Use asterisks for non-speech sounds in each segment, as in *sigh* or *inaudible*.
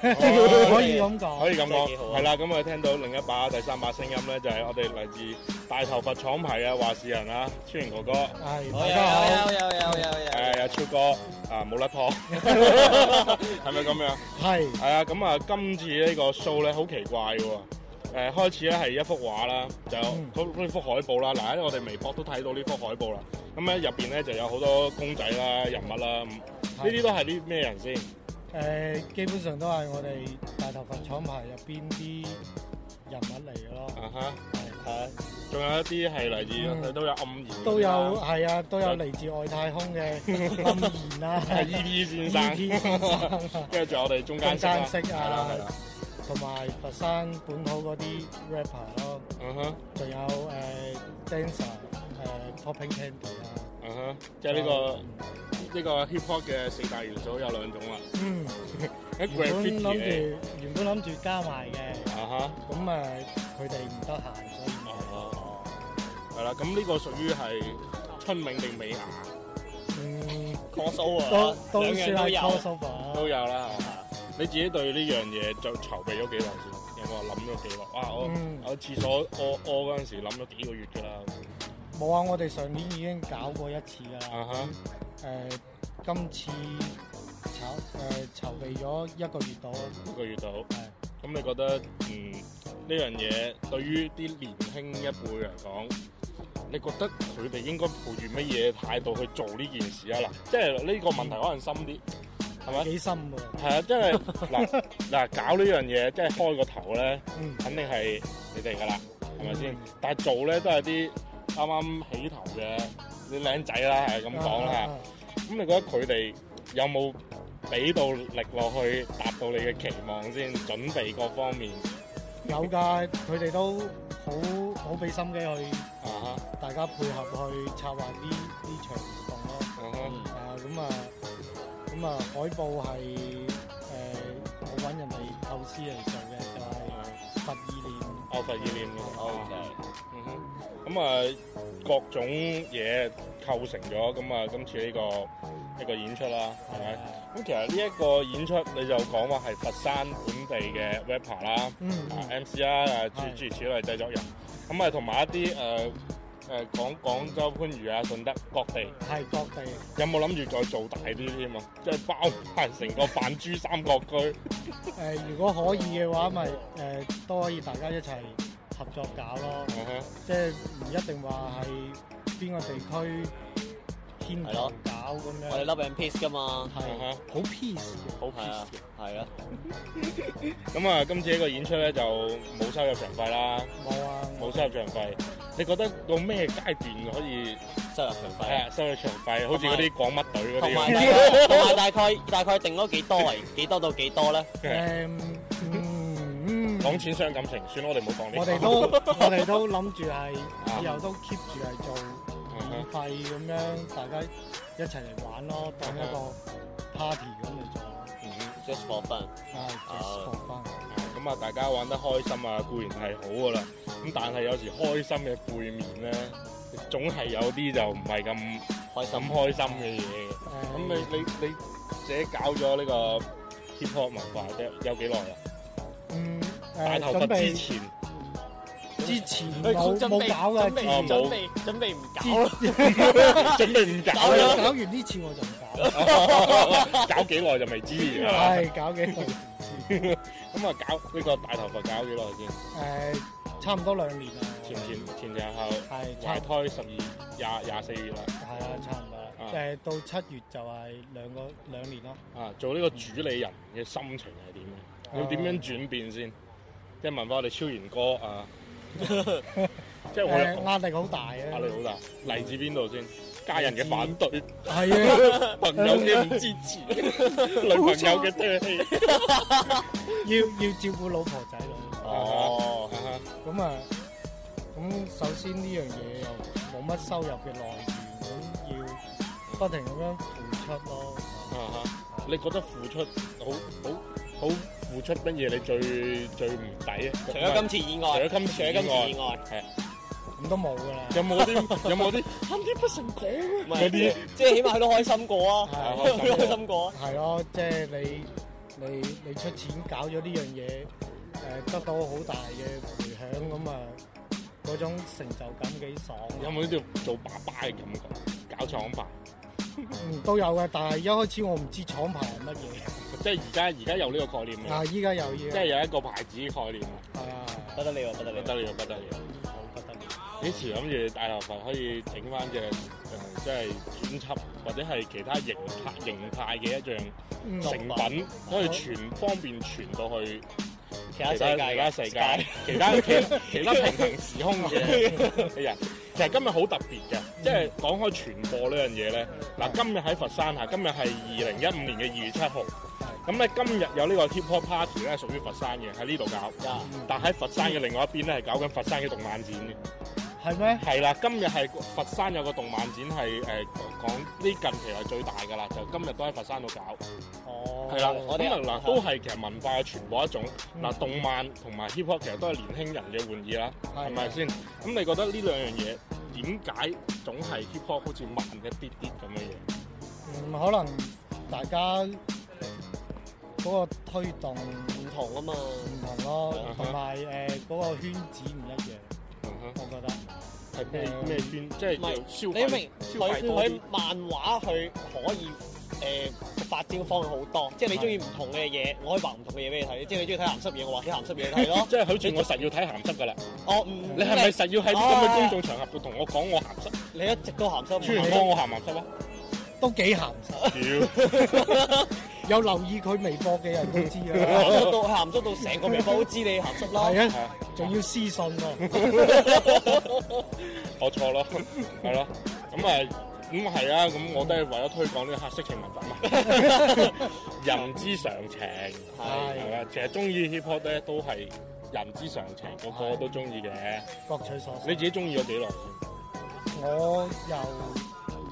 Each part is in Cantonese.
可以咁講，可以咁講，係啦。咁我哋聽到另一把、第三把聲音咧，就係我哋嚟自大頭佛廠牌嘅話事人啦，釗然哥哥。係，大家好。有有有有有有。誒，阿超哥，啊冇甩拖，係咪咁樣？係，係啊。咁啊，今次呢個 show 咧，好奇怪嘅。誒，開始咧係一幅畫啦，就嗰嗰幅海報啦。嗱，我哋微博都睇到呢幅海報啦。咁咧入邊咧就有好多公仔啦、人物啦，呢啲都係啲咩人先？誒，基本上都係我哋大頭佛廠牌入邊啲人物嚟嘅咯。啊哈，係，仲有一啲係嚟自，佢都有暗言。都有，係啊，都有嚟自外太空嘅暗言啦。E.P. 先生，跟住仲有我哋中間色啊，同埋佛山本土嗰啲 rapper 咯。嗯哼，仲有誒 dancer，誒 popping candy 啊。嗯哼，即係呢個。呢個 hip hop 嘅四大元素有兩種啦。嗯，graffiti 原本諗住加埋嘅。啊哈。咁誒，佢哋唔得閒，所以冇。係啦，咁呢個屬於係春明定美雅。嗯，crossover 啊。都兩人都有。都有啦嚇。你自己對呢樣嘢就籌備咗幾耐先？有冇諗咗幾耐？哇！我我廁所我我嗰陣時諗咗幾個月㗎啦。冇啊！我哋上年已經搞過一次噶啦。咁誒、uh huh. 嗯呃，今次籌誒籌備咗一個月度，一個月度。咁、嗯、你覺得嗯呢樣嘢對於啲年輕一輩嚟講，你覺得佢哋應該抱住乜嘢態度去做呢件事啊？嗱、嗯，即係呢個問題可能深啲，係咪、嗯？幾深㗎？係啊， *laughs* 即係嗱嗱搞呢樣嘢，即係開個頭咧，嗯、肯定係你哋㗎啦，係咪先？嗯、但係做咧都係啲。啱啱起頭嘅，你靚仔啦，係咁講啦。咁你覺得佢哋有冇俾到力落去達到你嘅期望先？準備各方面有㗎，佢哋都好好俾心機去啊，uh huh. 大家配合去策劃呢呢場活動咯。啊咁啊，咁、huh. 啊、嗯、海報係誒、呃、我揾人哋老師嚟做嘅，就係十二年。Uh huh. 哦，十二年嘅，哦、uh，係、huh.。Okay. 咁啊、嗯，各種嘢構成咗咁啊，今次呢、呢個一、呢個演出啦，係咪？咁是、啊、其實呢一個演出，你就講話係佛山本地嘅 rapper 啦，MC 啊，諸如此類製作人，咁、嗯呃、啊同埋一啲誒誒講廣州番禺啊、順德各地，係各地。有冇諗住再做大啲添啊？即係、嗯、包辦成個泛珠三角區。誒、 *laughs* 呃，如果可以嘅話，咪、就、誒、是呃、都可以大家一齊。合作搞咯，即係唔一定話係邊個地區牽頭搞咁樣。我哋 love and peace 噶嘛，係，好 peace，好 peace，係啊。咁啊，今次呢個演出咧就冇收入場費啦，冇啊，冇收入場費。你覺得到咩階段可以收入場費？啊，收入場費，好似嗰啲講乜隊嗰啲。同埋，同埋，大概大概定咗幾多？幾多到幾多咧？講錢傷感情，算啦，我哋唔好講呢。 *laughs* 我哋都我哋都諗住係以後都 keep 住係做免費咁樣，uh huh. 大家一齊嚟玩咯，uh huh. 當一個 party 咁嚟做。Just for fun，係 just for fun。咁啊，大家玩得開心啊，固然係好噶啦。咁但係有時開心嘅背面咧，總係有啲就唔係咁開心開心嘅嘢。咁、uh, 你你你自己搞咗呢個 hip hop 文化嘅有幾耐啊？Um, 大頭佛之前，之前冇冇搞嘅，哦，準備準備唔搞咯，準備唔搞搞完呢次我就唔搞，搞幾耐就未知。係，搞幾耐唔知。咁啊，搞呢個大頭佛搞幾耐先？誒，差唔多兩年啊。前前前後，係懷胎十二、廿廿四月啦。係啊，差唔多。誒，到七月就係兩個兩年咯。啊，做呢個主理人嘅心情係點？要點樣轉變先？即係問翻我哋釗然哥啊，即係我壓力好大啊！壓力好大，嚟自邊度先？家人嘅反對，係啊，朋友嘅唔支持，女朋友嘅對，要要照顧老婆仔咯。哦，係啊，咁啊，咁首先呢樣嘢又冇乜收入嘅來源，要不停咁樣付出咯。啊哈，你覺得付出好好？好付出乜嘢？你最最唔抵啊！除咗今次以外，除咗今除咗今次以外，係咁都冇噶啦。有冇啲有冇啲？啲不成功嗰啲，即係起碼佢都開心過啊！係開心過啊！係咯，即係、啊就是、你你你，你出錢搞咗呢樣嘢，誒、呃、得到好大嘅回響咁啊，嗰種成就感幾爽、啊、有冇啲做爸爸嘅感覺？搞廠牌、嗯、都有噶，但係一開始我唔知廠牌係乜嘢。即係而家，而家有呢個概念嘅。啊！依家有依，即係有一個牌子概念。啊！不得了，不得了，不得了，不得了，好不得了。幾時諗住大頭佛可以整翻隻，即係剪輯或者係其他形態形態嘅一樣成品，可以傳，方便傳到去其他世界，其他世界，其他其他平行時空嘅人。其實今日好特別嘅，即係講開傳播呢樣嘢咧。嗱，今日喺佛山嚇，今日係二零一五年嘅二月七號。咁咧今日有呢個 hip hop party 咧，屬於佛山嘅喺呢度搞。嗯、但喺佛山嘅另外一邊咧，係搞緊佛山嘅動漫展嘅。係咩嗎？係啦，今日係佛山有個動漫展係誒、呃、講呢近期係最大㗎啦，就今日都喺佛山度搞。哦。係啦的，可能啊，是的都係其實文化嘅傳播一種。嗱、嗯，動漫同埋 hip hop 其實都係年輕人嘅玩意啦，係咪先？咁吧、嗯、你覺得呢兩樣嘢點解總係 hip hop 好似慢一啲啲咁嘅嘢？嗯，可能大家。嗰個推動唔同啊嘛，唔同咯，同埋誒嗰個圈子唔一樣，我覺得係咩咩圈，即係唔係笑你明？佢佢漫畫佢可以誒發展方向好多，即係你中意唔同嘅嘢，我可以話唔同嘅嘢俾你睇。即係你中意睇鹹濕嘢，我話啲鹹濕嘢睇咯。即係好似我實要睇鹹濕㗎啦，我你係咪實要喺咁嘅公眾場合要同我講我鹹濕？你一直都鹹濕，穿完拖我鹹唔鹹濕啊？都幾鹹濕。有留意佢微博嘅人都知啊，鹹 *laughs* 到鹹濕到成個微博都知你鹹濕啦，係啊，仲要私信喎、啊， *laughs* *laughs* 我錯咯，係咯，咁啊，咁係、嗯、啊，咁我都係為咗推廣呢啲黑色情文化啊。人之常情係啊，其實中意 hiphop 咧都係人之常情，個個都中意嘅，各取所需。你自己中意咗幾耐？我又。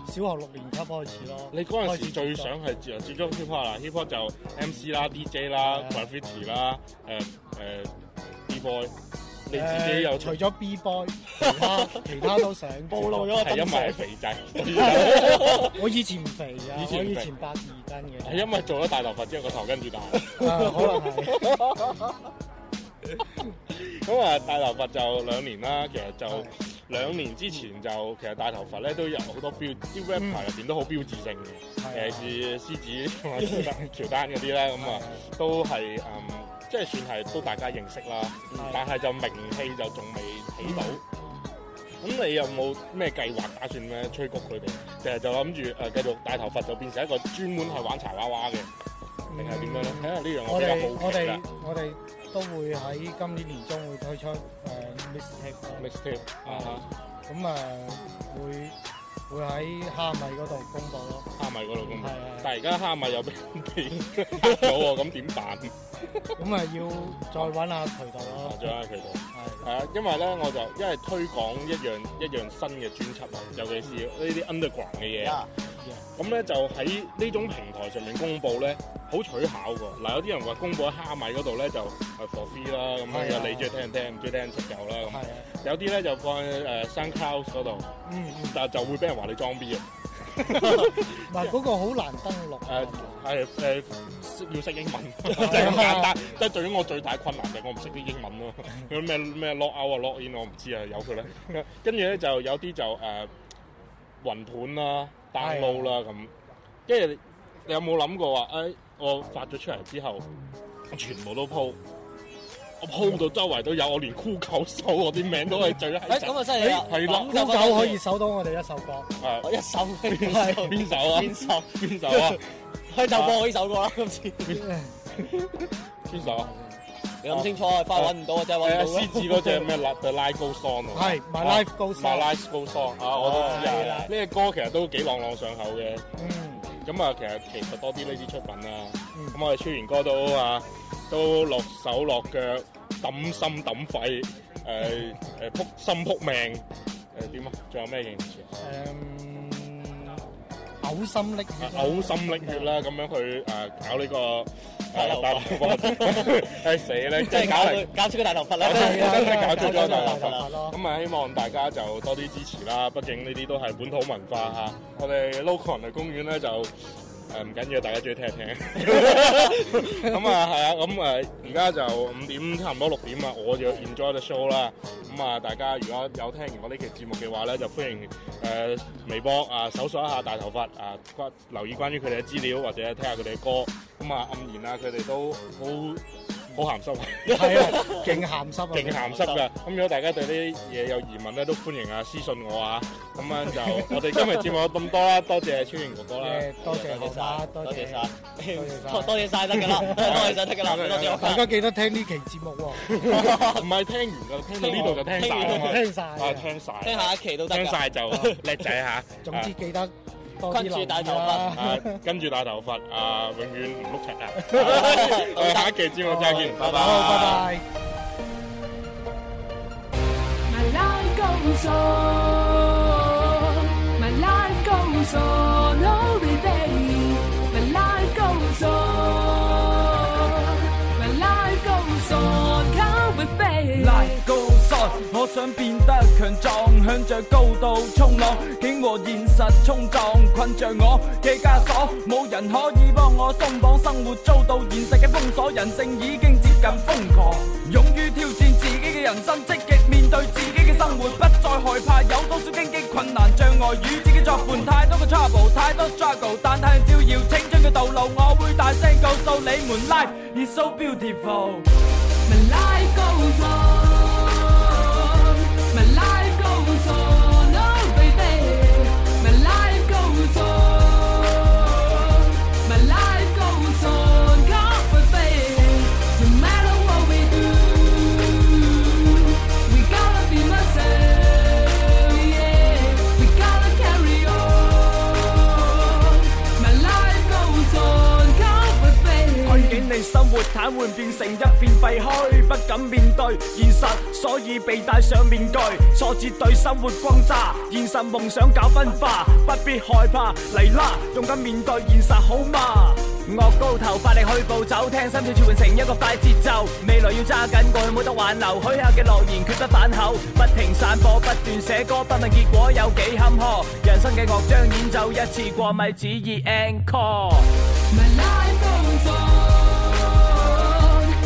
小學六年級開始咯。你嗰陣時最想係自由接觸 hip hop 啦，hip hop 就 MC 啦、DJ 啦、graffiti 啦、誒誒 B boy。你自己又除咗 B boy，其他其他都成波咯。係因為係肥仔。我以前唔肥啊，以前以前八二斤嘅。係因為做咗大頭佛之後，個頭跟住大。可能係。咁啊，大頭佛就兩年啦，其實就。嗯、兩年之前就其實大頭佛咧都有好多標，啲、嗯、rapper 入邊都好標誌性嘅，嗯、尤其是獅子同埋喬丹嗰啲咧咁啊，嗯、 *laughs* 都係嗯即係算係都大家認識啦，嗯、但係就名氣就仲未起到。咁、嗯、你有冇咩計劃打算咧催谷佢哋？誒就諗住誒繼續大頭佛就變成一個專門係玩柴娃娃嘅。定係點樣咧？我哋我哋我哋都會喺今年年中會推出誒 mixtape。mixtape 啊嚇，咁誒會會喺蝦米嗰度公佈咯。蝦米嗰度公佈，但係而家蝦米又俾封咗喎，咁點辦？咁啊要再揾下渠道咯。再揾下渠道，係啊，因為咧我就因為推廣一樣一樣新嘅專輯，尤其是呢啲 underground 嘅嘢。咁咧就喺呢種平台上面公布咧，好取巧㗎。嗱有啲人話公布喺蝦米嗰度咧就係 for free 啦，咁啊你中意聽聽，唔中意聽就走啦。係啊，有啲咧就放誒 SoundCloud 嗰度，但就會俾人話你裝逼啊。嗱嗰個好難登錄，要識英文就咁簡單。即係對於我最大困難就係我唔識啲英文咯。有咩咩 log out 啊 log in 我唔知啊，有佢啦。跟住咧就有啲就雲盤啦、彈幕啦咁，跟住你有冇諗過話，誒，我發咗出嚟之後，我全部都鋪，我鋪到周圍都有，我連酷狗搜我啲名都係最 hit 咁啊，真係啊，係諗可以搜到我哋一首歌，我一首邊首啊？邊首啊？佢就播呢首歌啦，今次邊首？諗清楚，翻揾唔到嘅啫。獅子嗰隻咩？拉拉高桑喎。係，拉高桑。拉高桑啊！我都知啊。呢個歌其實都幾朗朗上口嘅。嗯。咁啊，其實其實多啲呢啲出品啊。嗯。咁我哋釗然哥都啊，都落手落腳，抌心抌肺，誒誒，撲心撲命，誒點啊？仲有咩嘢？諗唔住。誒，嘔心瀝血。嘔心瀝血啦！咁樣去誒搞呢個。大頭佛，唉死啦！真係搞出個大頭佛啦，真係搞出咗大頭佛咯。咁啊，希望大家就多啲支持啦， *laughs* 畢竟呢啲都係本土文化嚇。的我哋 local 人類公園咧就～誒唔緊要，大家中意聽一聽。咁 *laughs* *laughs* *laughs* 啊，係啊，咁誒而家就五點差唔多六點啊，我就 enjoy the show 啦。咁、嗯、啊，大家如果有聽完我呢期節目嘅話咧，就歡迎誒、呃、微博啊，搜索一下大頭佛啊，關留意關於佢哋嘅資料，或者聽下佢哋嘅歌。咁、嗯、啊，釗然啊，佢哋都好。好鹹濕，係啊，勁鹹濕，勁鹹濕㗎。咁如果大家對呢啲嘢有疑問咧，都歡迎啊私信我啊。咁樣就我哋今日節目咁多啦，多謝釗然哥哥啦。多謝曬，多謝曬，多謝曬，多謝曬得㗎啦，多謝曬得㗎啦。大家記得聽呢期節目喎，唔係聽完就，聽到呢度就聽曬啊，聽曬，聽下一期都得，聽曬就叻仔嚇。總之記得。跟住大頭佛，跟住大頭佛，啊！永遠唔碌柒啊！我哋下一期節目再見，拜拜，拜拜。想變得強壯，向着高度衝浪，竟和現實衝撞，困着我嘅枷鎖，冇人可以幫我鬆綁，生活遭到現實嘅封鎖，人性已經接近瘋狂。勇於挑戰自己嘅人生，積極面對自己嘅生活，不再害怕有多少荊棘，困難、障礙與自己作伴，太多嘅 trouble，太多 struggle，但太陽照耀，青春嘅道路，我會大聲告訴你們，life is so beautiful，癱瘓變成一片廢墟，不敢面對現實，所以被戴上面具。挫折對生活轟炸，現實夢想搞分化，不必害怕，嚟啦，勇敢面對現實好嗎？惡 *music* 高頭發力去步走，聽心跳切換成一個快節奏，未來要揸緊，過去冇得挽留，許下嘅諾言絕不反口，不停散播，不斷寫歌，不問結果有幾坎坷，人生嘅樂章演奏一次過咪只意 encore